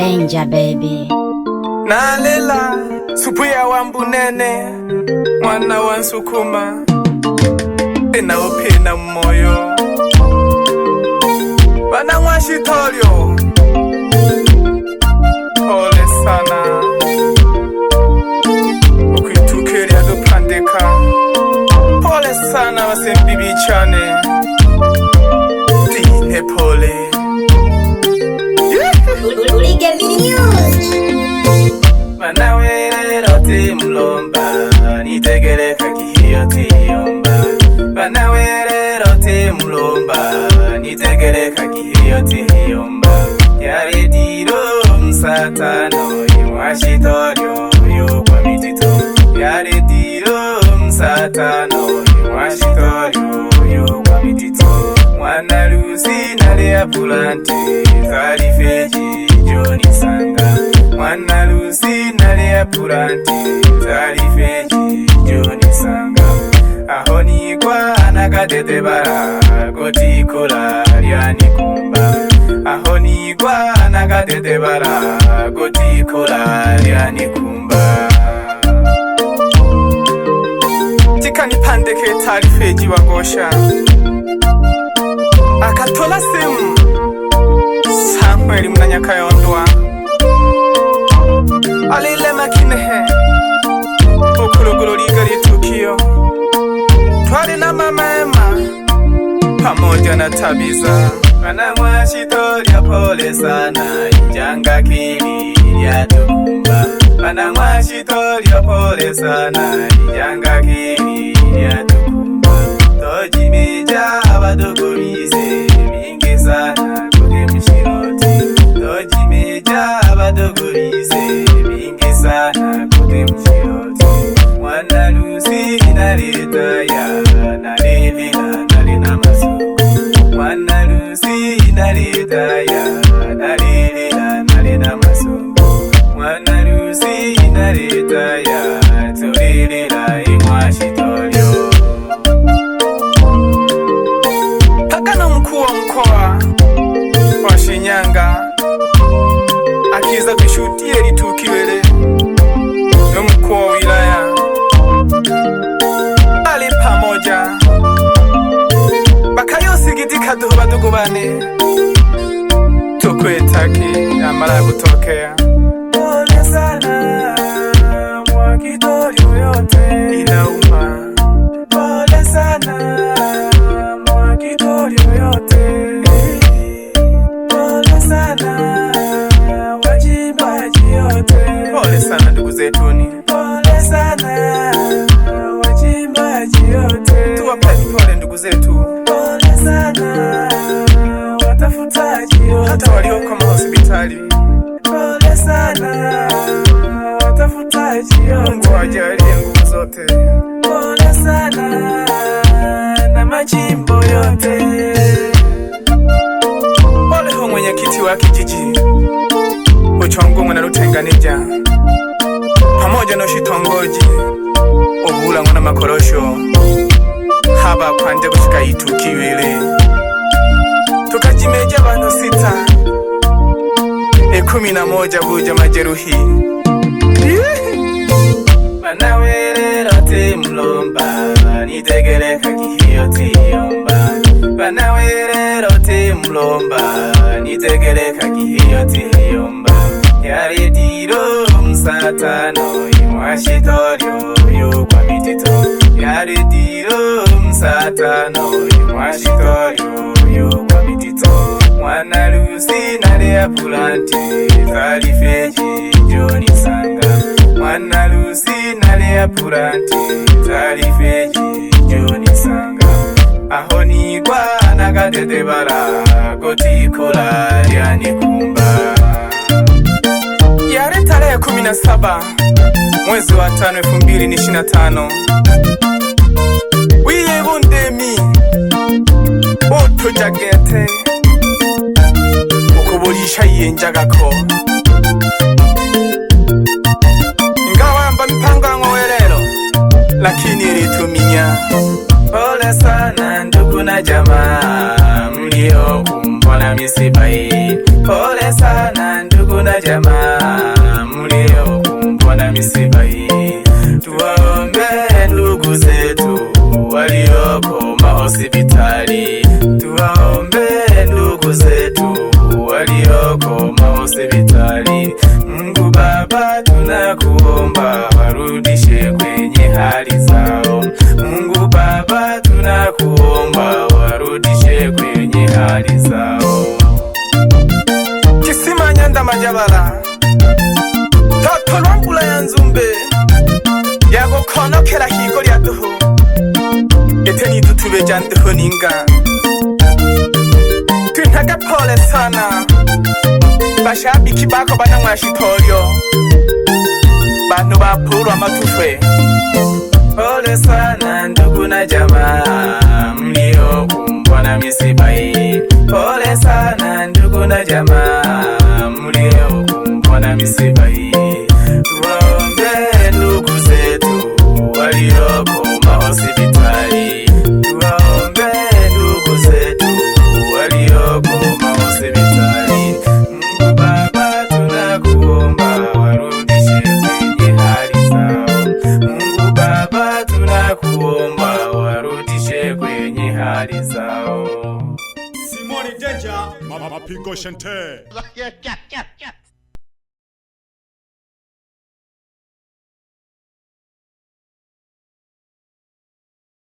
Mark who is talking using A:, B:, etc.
A: Benja baby
B: nalela supu ya wambunene mwana wa Nsukuma enaopena mmoyo bana mwashitolyo pole sana ukwituka lyadupandika pole sana wasembibichane dine pole
C: Jamii News.
B: Banawe lerote mlomba nitegereka kihiyotiomba banawe lerote mlomba nitegereka kihiyotiomba yarediro msatano iwashitorio yo kwa mitito yarediro msatano iwashitorio yo kwa mitito mwanalusi naleapulante tarife yapurandi zari feji joni sanga aho nigwa nakadede bara gotikura ryanikumba aho nigwa nakadede bara gotikura ryanikumba tikanipandeke tari feji wagosha akatola sem samueli mnanyakayondwa Aleluia. mutana tabiza mwana mwachitorya polesana injanga kiri ryatumba mwana mwachitorya polesana injanga kiri ryatumba tojimija abadogomize Tuliweza kishutie ili tukiwele na mkuu wa wilaya ali pamoja bakayosigitika duhu badugubane tukwetaki amara ya kutokea Mungu ajalie nguvu zote. Pole sana na majimbo yote. Pole ho mwenyekiti wa kijiji uchongomwe na Rutenganija pamoja no shitongoji obulangwa na makorosho haba kwanje gushika itukibiri tukajimeja abantu sita ikumi na moja buja majeruhi manawerera temlomba nitegereka kihiyo tiyomba manawerero temlomba nitegereka kihiyo tiyomba yaridiro msatano imwashitoryo yokwamitito yaridiro msatano imwashitoryo yokwamitito mwana lusi nareyapulante zalifeji joni Wannaluusi naleapula puranti taalifa egi sanga aho niigwa nakatetebala gotikola lyanikumba yare tarehe kumi na saba mwezi wa tano elfu mbili na ishirini na tano wilebundemi otujagete okubulisha yenjagako lakini ilitumia. Pole sana ndugu na jamaa mliokumbwa na misiba hii. nyabara toto lwa mbula ya nzumbe yagokonokela higo lya duhu ete nitutube ja nduhu ninga twintaga pole sana bashabiki bako bana mwashitolyo bantu bapulwa matufwe na misiba hii. Tuwaombe ndugu zetu walioko mahospitali, tuwaombe ndugu zetu walioko mahospitali. Mungu Baba, tunakuomba warudishe kwenye hali zao. Mungu Baba, tunakuomba warudishe kwenye hali zao. Simoni Danger, Mama Pico Shante